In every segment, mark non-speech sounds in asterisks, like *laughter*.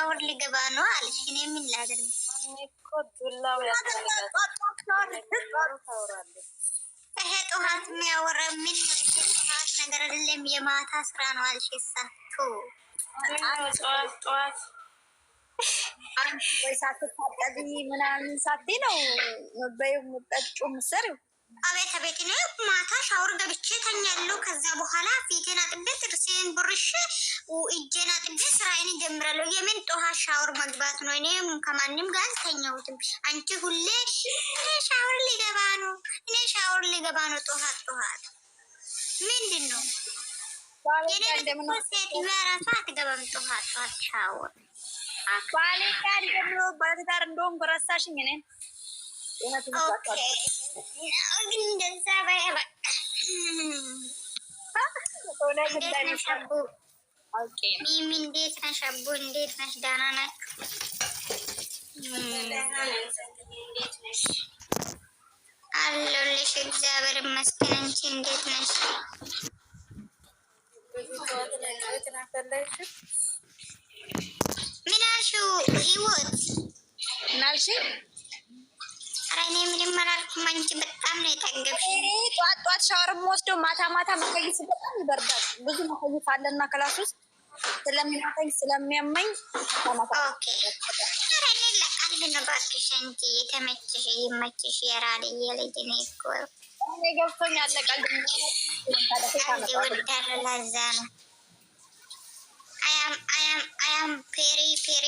ሻወር ሊገባ ነው አለሽ። እኔ ምን ላደርግ? ይሄ ጠዋት የሚያወራ ምን ነገር አይደለም፣ የማታ ስራ ነው አለሽ። ሳቱ ጠዋት ወይ ሳትታጠቢ ምናምን ሳቴ ነው በዩ ምጠጩ ምስር አቤት አቤት፣ ነ ማታ ሻወር ገብቼ ተኛለሁ። ከዛ በኋላ ፊቴን አጥቤ ጥርሴን ቦርሼ እጄን አጥቤ ስራዬን ጀምራለሁ። የምን ጠዋት ሻወር መግባት ነው? እኔ ከማንም ጋር አልተኛሁትም። አንቺ ሁሌ እኔ ሻወር ሊገባ ነው፣ እኔ ሻወር ሊገባ ነው። ጠዋት ጠዋት ምንድን ነው ሴት ራሷ አትገባም። ጠዋት ጠዋት ሻወር ባሌ ጋር ደግሞ ባለትዳር እንደውም በረሳሽኝ እኔን ኦኬ ሚሚ እንዴት ነሽ? አቡ እንዴት ነሽ? ደህና ናችሁ? አለሁልሽ። እግዚአብሔር ይመስገን። አንቺ እንዴት ነሽ? ምን አልሽው? ህይወት ምን አልሽኝ? ኧረ እኔ ምንም አላልኩም። አንቺ በጣም ነው የጠገብሽ። ጠዋት ጠዋት ሻወርም ወስዶ ማታ ማታ መተይስ በጣም ይበርዳል። ብዙ መተይስ አለና ክላስ ውስጥ ስለሚመተኝ ስለሚያመኝ እባክሽ አንቺ የተመቸሽ ይመችሽ። የራድ የልጅ ነው እኮ ገብቶኝ አለቃል ወዳር ለዛ ነው አያም ፔሪ ፔሪ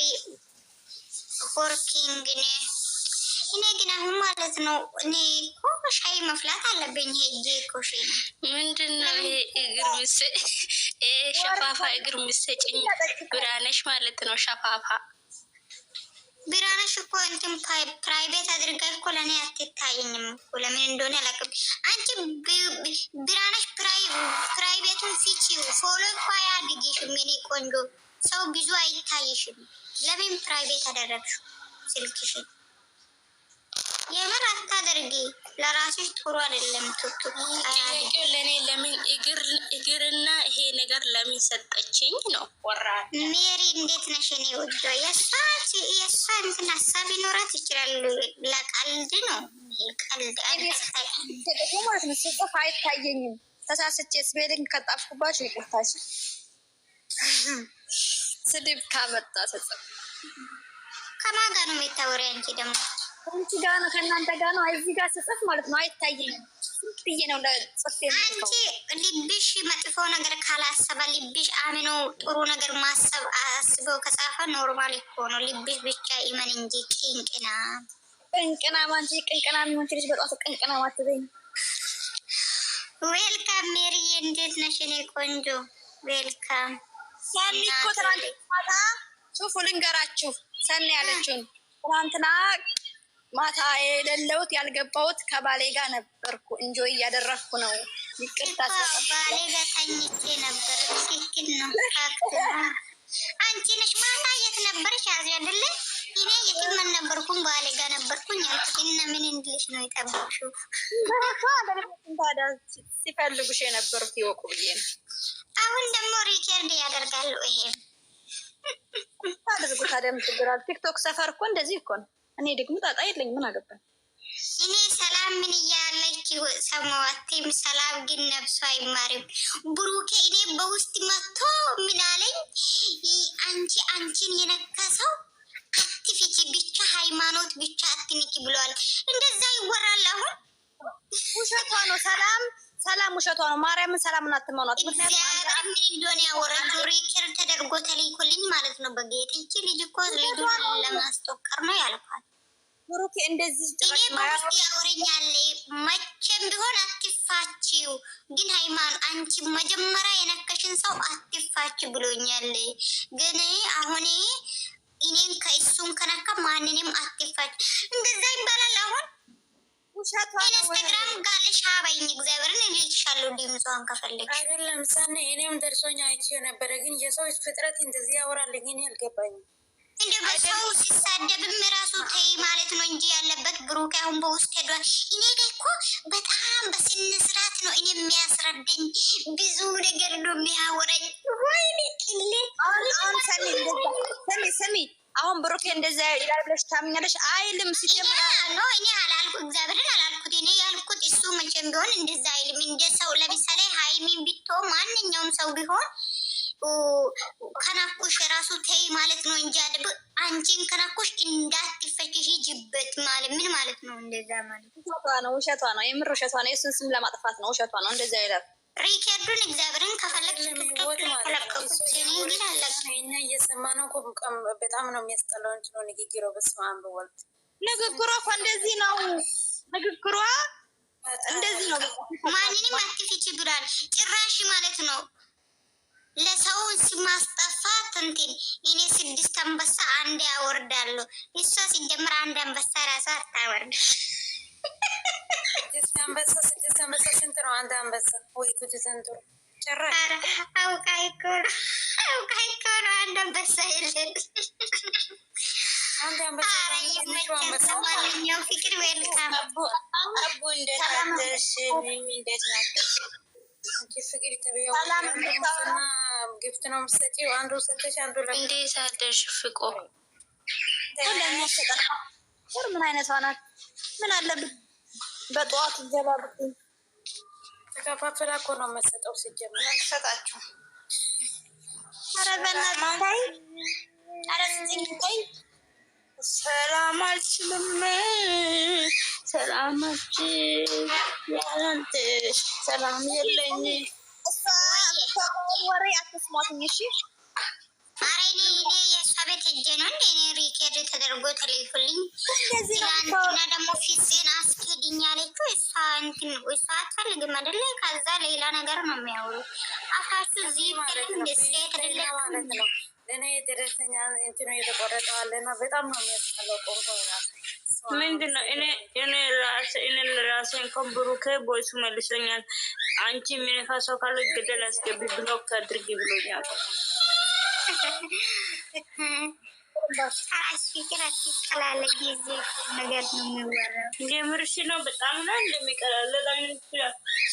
ሆርኪንግ ነ እኔ ግን አሁን ማለት ነው እኔ እኮ ሻይ መፍላት አለብኝ። ሄጄ እኮ ሻይ ነው ምንድን ነው ይሄ እግር ምስ ሸፋፋ እግር ምስጭኝ ብራነሽ ማለት ነው ሸፋፋ ብራነሽ እኮ እንትን ፕራይቬት አድርጋ እኮ ለእኔ አትታይኝም እኮ ለምን እንደሆነ አላውቅም። አንቺ ብራነሽ ፕራይቬቱን ፊቺ ፎሎ እኳ አያድግሽም። እኔ ቆንጆ ሰው ብዙ አይታይሽም። ለምን ፕራይቬት አደረግሽው ስልክሽን? የምር አታደርጊ። ለራስሽ ጥሩ አይደለም። ቱቱ ጥያቄው ለእኔ ለምን እግርና ይሄ ነገር ለምን ሰጠችኝ ነው። ወራ ሜሪ እንዴት ነሽ? እኔ ወዶ የእሷ እንትን ሀሳብ ይኖራት ለቀልድ ነው። ቀልድ ማለት ነው። ስጽፍ አይታየኝም። ተሳስቼ ስቤልን ከጣፍኩባቸው *laughs* ስድብ ካመጣ ስጽፍ ከማን ጋር ነው የሚታወሪ አንቺ ደግሞ አንቺ ጋር ነው ከእናንተ ጋር ነው። እዚህ ጋር ስጽፍ ማለት ነው አይታየኝም ብዬ ነው ጽፍ። አንቺ ልብሽ መጥፎ ነገር ካላሰበ ልብሽ አምኖ ጥሩ ነገር ማሰብ አስበው ከጻፈ ኖርማል እኮ ነው። ልብሽ ብቻ ይመን እንጂ ቅንቅና ቅንቅና ማንቺ ቅንቅና የሚሆን ልጅ በጠዋት ቅንቅና ማትበኝ። ዌልካም ሜሪዬ፣ እንዴት ነሽ? እኔ ቆንጆ ዌልካም። ሰኒ እኮ ትናንት ማታ ሱፉ ልንገራችሁ ሰኒ ያለችውን ትናንትና ማታ የሌለውት ያልገባውት ከባሌ ጋር ነበርኩ። እንጆ እያደረግኩ ነው። ይቅርታ ባሌ ጋር ተኝቼ ነበር። ትክክል ነው። አንቺ ነሽ ማታ የት ነበርሽ? ያዚ አይደለ እኔ የትመን ነበርኩም ባሌ ጋር ነበርኩኝ ያልኩት እና ምን እንድልሽ ነው የጠበቅሽው? ሲፈልጉሽ የነበሩት ይወቁ ብዬ ነው። አሁን ደግሞ ሪከርድ ያደርጋሉ። ይሄም ታደርጉ ታዲያ ምን ቲክቶክ ሰፈር እኮ እንደዚህ እኮ ነው። እኔ ደግሞ ጣጣ የለኝ። ምን አገባኝ እኔ። ሰላም ምን እያለች ሰማዋቴም። ሰላም ግን ነብሶ አይማርም። ብሩኬ እኔ በውስጥ መጥቶ አለኝ፣ አንቺ አንቺን የነከሰው አትፍቺ ብቻ ሃይማኖት ብቻ አትንቂ ብለዋል። እንደዛ ይወራል። አሁን ውሸቷ ነው። ሰላም ሰላም ውሸቷ ነው። ማርያምን ሰላም አትመኗት። እግዚአብሔር ምን እንደሆነ ያወራችው ሪከርድ ተደርጎ ተለይኮልኝ ማለት ነው። በጌጥ ይቺ ልጅ እኮ ልጅ ለማስጠቀር ነው ያልኳል ብሩክ እንደዚህ ጭራሽ ማለት ያወረኛል። መቼም ቢሆን አትፋችው፣ ግን ሃይማኖት አንቺ መጀመሪያ የነከሽን ሰው አትፋች ብሎኛል። ግን አሁን እኔን ከእሱን ከነካ ማንንም አትፋች። እንደዛ ይባላል አሁን ኢንስታግራም ጋር ሻባኝ እግዚአብሔርን እልልሻለሁ። ድምጿን ከፈለግሽ አይደለም ሳ እኔም ደርሶኛ አይቼ ነበረ። ግን የሰዎች ፍጥረት እንደዚህ ያወራል ግን አልገባኝም። እንደው በሰው ሲሳደብም ራሱ ተይ ማለት ነው እንጂ ያለበት ብሩክ አሁን በውስጥ ሄዷል። እኔ ጋ እኮ በጣም በስነ ስርዓት ነው እኔ የሚያስረዳኝ ብዙ ነገር ነው የሚያወራኝ። ወይኔ ስሚ ስሚ አሁን ብሩኬ እንደዛ ይላል ብለሽ ታምኛለሽ? አይልም። ሲጀምር ነው እኔ አላልኩ እግዚአብሔርን አላልኩት። እኔ ያልኩት እሱ መቼም ቢሆን እንደዛ አይልም። እንደ ሰው ለምሳሌ ሀይሚን ብቶ ማንኛውም ሰው ቢሆን ከናኮሽ የራሱ ተይ ማለት ነው እንጂ አለ አንቺን ከናኮሽ እንዳትፈች ሂጅበት ማለት ምን ማለት ነው? እንደዛ ማለት ነው፣ ውሸቷ ነው፣ የምር ውሸቷ ነው። የሱን ስም ለማጥፋት ነው፣ ውሸቷ ነው። እንደዛ ይላል። ሪከርዱን እግዚአብሔርን ከፈለግ ተለቀቁና እየሰማ ነው። በጣም ነው የሚያስጠላው እንትኑ ንግግሮ በስመ አብ ወልድ ንግግሯ እኮ እንደዚህ ነው። ንግግሯ እንደዚህ ነው። ማንንም አትፍቺ ብሏል ጭራሽ ማለት ነው። ለሰው ሲማስጠፋት እንትን እኔ ስድስት አንበሳ አንድ ያወርዳሉ። እሷ ሲጀምር አንድ አንበሳ ራሷ አታወርድ። ስድስት አንበሳ ስድስት አንበሳ ስንት ነው? አንድ አንበሳ ወይ ጉድ! ዘንድሮ ጭራሽ አውቃ እኮ ነው አውቃ እኮ ነው። አንድ አንበሳ የለን አንድ አንበሳ ለማንኛውም ፍቅር፣ ዌልካም አቡ፣ እንዴት ናት? ግፍት ነው የምትሰጪው። አንዱ ሰተሽ አንዱ እንዴት አለሽ ፍቆ ምን አይነት ሆናል? ምን አለብን በጠዋት ይገባብት ተከፋፍላ እኮ ነው መሰጠው ሲጀምር ሰጣችሁ። ኧረ በእናትህ ሰላም አልችልም ሰላማችን ያንተ ሰላም የለኝ። ወሬ አትስማትኝ እሺ። አሬኔ እኔ የእሷ ቤት ሄጄ ነው እንደ እኔ ሪኬድ ተደርጎ ተለይቶልኝ። ትናንትና ደግሞ ፊትን አስኬድኝ ያለችው እሷ እንትን እሷ አትፈልግም አይደለ? ከዛ ሌላ ነገር ነው የሚያወሩ። አፋችሁ እዚህ ብትል እንደ ሴት አይደለም። እኔ ደረሰኛ እንትኑ የተቆረጠዋለና በጣም ነው የሚያስጠላው ቆንቆ ምንድን ነው? እኔ ራሴ እንኳን ብሩኬ ቦይሱ መልሶኛል። አንቺ የሚነካ ሰው ካለ ገደል አስገቢ ብሎክ አድርጊ ብሎኛል።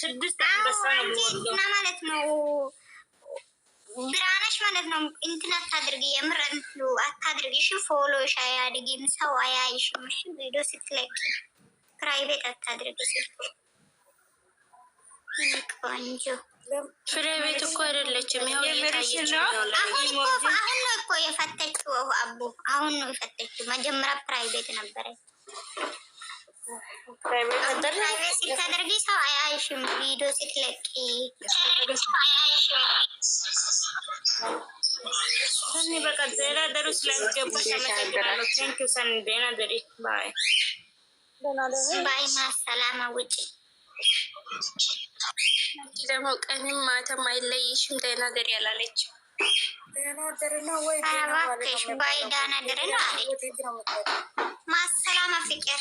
ስድስት አንበሳ ነው ማለት ነው ማለት ነው። እንትን አታድርጊ፣ የምር እንትኑ አታድርጊ። እሺ ፎሎሽ አያድግም፣ ሰው አያይሽም። እሺ ቪዲዮ ስትለቅ ፕራይቬት አታድርጊ። ቆንጆ ፕራይቬት እኮ አይደለችም። ይኸው አሁን አሁን እኮ የፈተችው አቡ አሁን ነው የፈተችው። መጀመሪያ ፕራይቬት ነበረች። ስታደርጊ ሰው አያይሽም። ቪዲዮ ስትለቂ ሰኒ በቃ ደህና ደሩ ስላስገባሽ አመሰግናለሁ። ቴንኪው ሰኒ ደህና ደሪ ባይ ባይ። ማሰላማ ውጭ ደግሞ ቀንም ማተም አይለይሽም። ደህና ደሪ ያላለች ባይ ዳና ደሪ ነው አለች። ማሰላማ ፍቅር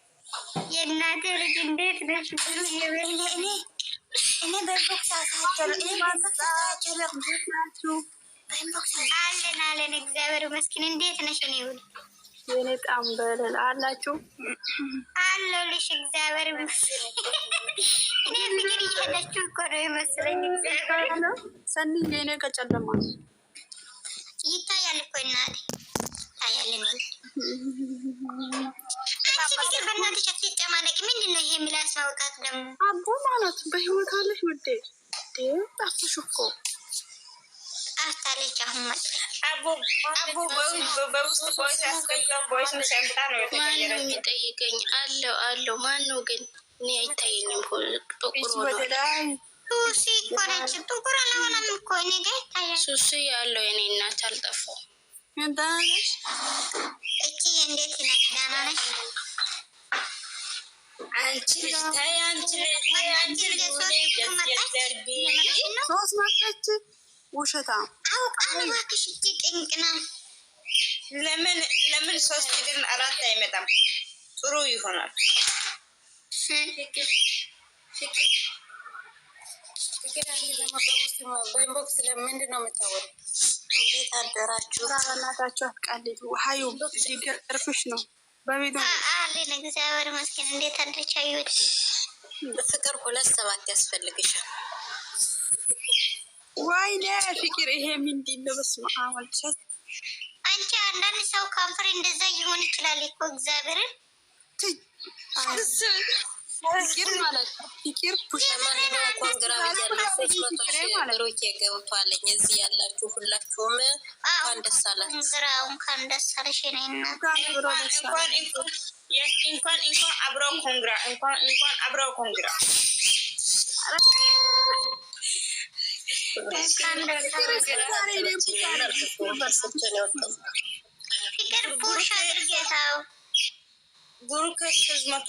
የእናቴ ልጅ እንዴት እኔ በኢንቦክስ አለን አለን። እግዚአብሔር ይመስገን። እንዴት ነሽ? እኔ ውል የኔ ጣም በለል አላችሁ አለሁልሽ። እግዚአብሔር ይመስገን። እኔ ፍቅር እየሄዳችሁ እኮ ነው የመሰለኝ። ሰኒዬ እኔ ከጨለማ ይታያል እኮ እናቴ ይታያል አቦ ማለት በህይወት አለሽ ውዴ? ጠፍተሽ እኮ ጠፍታለች። አሁን ማነው የሚጠይቀኝ? አለው አለው። ማነው ግን እኔ አይታየኝም። ሱስ ያለው የኔ እናት አልጠፋም። ሶስት ውሸታ ለምን ለምን ሶስት ግን አራት አይመጣም? ጥሩ ይሆናል። በኢንቦክስ ለምንድን ነው የምታወሪው? እንዴት አደራችሁ? ኧረ በእናታችሁ ሀዩ ሊገርፍሽ ነው አለን እግዚአብሔር ይመስገን። እንዴት አለች አዩት? ፍቅር ሁለት ሰባት ያስፈልግሻል። ወይኔ ፍቅር ይሄ ምንድን ነው? በስመ አብ አልቻት። አንቺ አንዳንድ ሰው ከንፈር እንደዛ ይሆን ይችላል እኮ እግዚአብሔርን ኪር ማለት ኪር ሮኬ ገብቷለኝ። እዚህ ያላችሁ ሁላችሁም እንኳን ደስ አላችሁ፣ እንኳን ደስ አለሽ። እንኳን አብረው ኮንግራ እንኳን እንኳን አብረው ኮንግራ ፍቅር ፑሽ አድርጌታው ብሩክ ከዝመቶ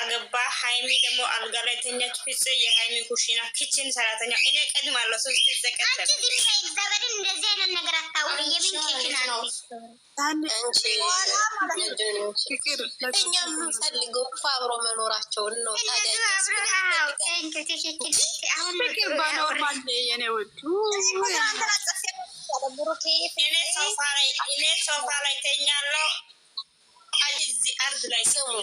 አገባ። ሃይሚ ደግሞ አልጋ ላይ ተኛች። ፍፄ የሀይሚ ኩሽና ኪችን ሰራተኛ እኔ ቀድማለሁ። ሶስት ተቀደም እንደዚህ አይነት አብሮ መኖራቸውን ነው። ሶፋ ላይ ተኛለሁ ፍቅር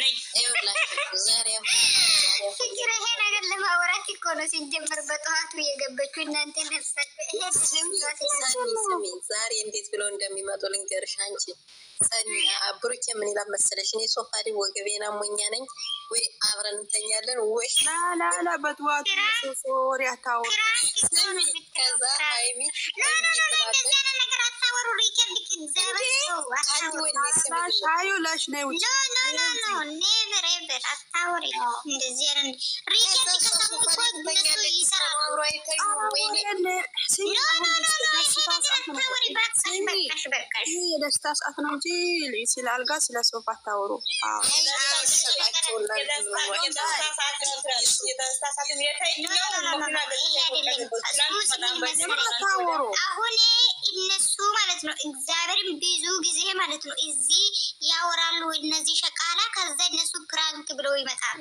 ይሄ ነገር ለማውራት እኮ ነው ሲጀመር በጠዋቱ የገበችው። እናንተ ዛሬ እንዴት ብለው እንደሚመጡ ልንገርሽ። አንቺ ብሩኬ ምን ይላል መሰለሽ? እኔ ሶፋ ላይ ወገቤና ሞኛ ነኝ ወይ አብረን እንተኛለን ወይ ላላላ በጠዋቱ ሶሪ አታወ ከዛ አይሚ ነገር የደስታ ሰዓት ነው እንጂ ስለ አልጋ ስለ ሶፋ አታወሩ። አሁን እነሱ ማለት ነው እግዚአብሔርን ብዙ ጊዜ ማለት ነው እዚህ ያወራሉ እነዚህ ሸቃላ። ከዛ እነሱ ፕራንክ ብለው ይመጣሉ።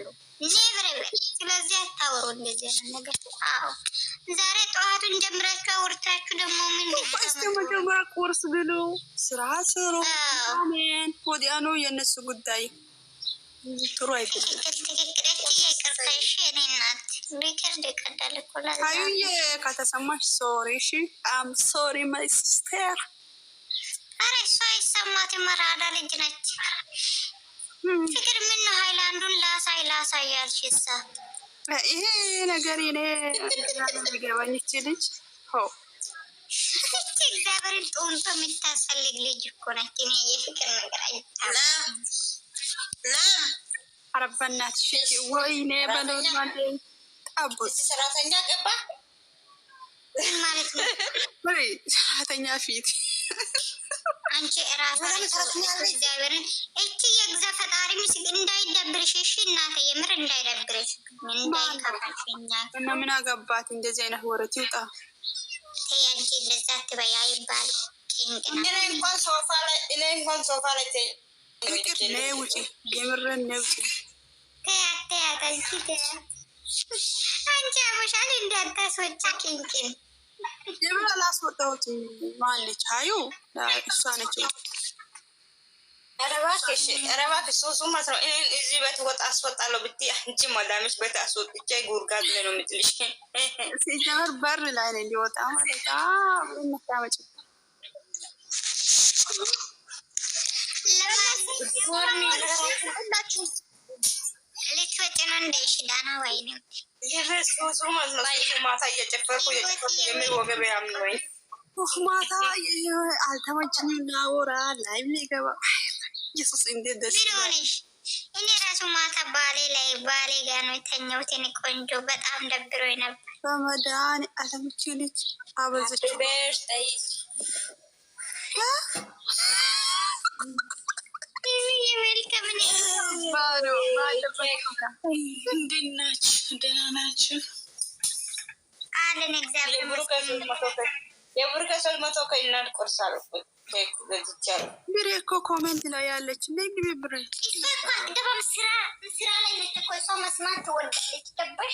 ኔብረብ ስለዚህ አታወሩ እንደዚህ ነገር። አዎ ዛሬ ጠዋቱን ጀምራችሁ አውርታችሁ ደግሞ መጀመሪያ ቁርስ ብሉ፣ ስራ ስሩ። አሜን። ወዲያ ነው የእነሱ ጉዳይ። ጥሩ አይደለም። ትክክለች የቅርታሽ እኔ እናት ሪከርድ ይቀዳል እኮ ላዩዬ፣ ከተሰማሽ ሶሪ። እሺ አም ሶሪ ማይ ሲስተር። አረ እሷ ይሰማት መራዳ ልጅ ነች። ፍቅር ምን ነው ሀይላንዱን ላሳይ ላሳይ ያልሽሳ? ይሄ ነገር ኔ ገባኝ። እቺ ልጅ ሆ እግዚአብሔርን ጡንቶ የምታስፈልግ ልጅ እኮ ነች። እኔ የፍቅር ነገር አይታለም አረበናት ወይኔ በሎማ ሰራተኛ ገባ ማለት ነው። ሰራተኛ ፊት አንቺ ራሳእግዚአብሔርን እቺ የግዛ ፈጣሪ ምስል እንዳይደብርሽ፣ እሺ እናተ የምር እንዳይደብርሽ፣ እንዳይከፋሽኛ እና ምን አገባት እንደዚህ አይነት ወረት ይውጣ። ተያንቺ እንደዛ ትበያ ይባል እንኳን ሶፋ ላይ እኔ እንኳን ሶፋ ላይ ፍቅር ነይ ውጪ፣ የምርን ነይ ውጪ። ተያት ተያት አንቺ አንቺ አበሻል እንዳታስወጪ ቂንቂን የብላ ላስወጣሁት ማለች አዩ እሷ ነች። ነው እንደ ሽዳ ነው ወይም ኢየሱስ ማለት ነው። ማታ እየጨፈርኩ እየጨፈርኩ የሚወገበ ያምን ወይ ማታ አልተመችኝ ናወራ ላይ ሚገባ ኢየሱስ እንዴት ደስ ይላል። እኔ ራሱ ማታ ባሌ ላይ ባሌ ጋር ነው የተኛሁት። እኔ ቆንጆ በጣም ደብሮኝ ነበር። በመዳን አለምች ልጅ አበዝች እንዴት ናችሁ? ደህና ናችሁ? የቡርከ ሶስት መቶ ከይናል ቆርሳ ብሬ ኮሜንት ላይ ያለች ነግቢ ስራ ላይ መስማት ትወዳለች።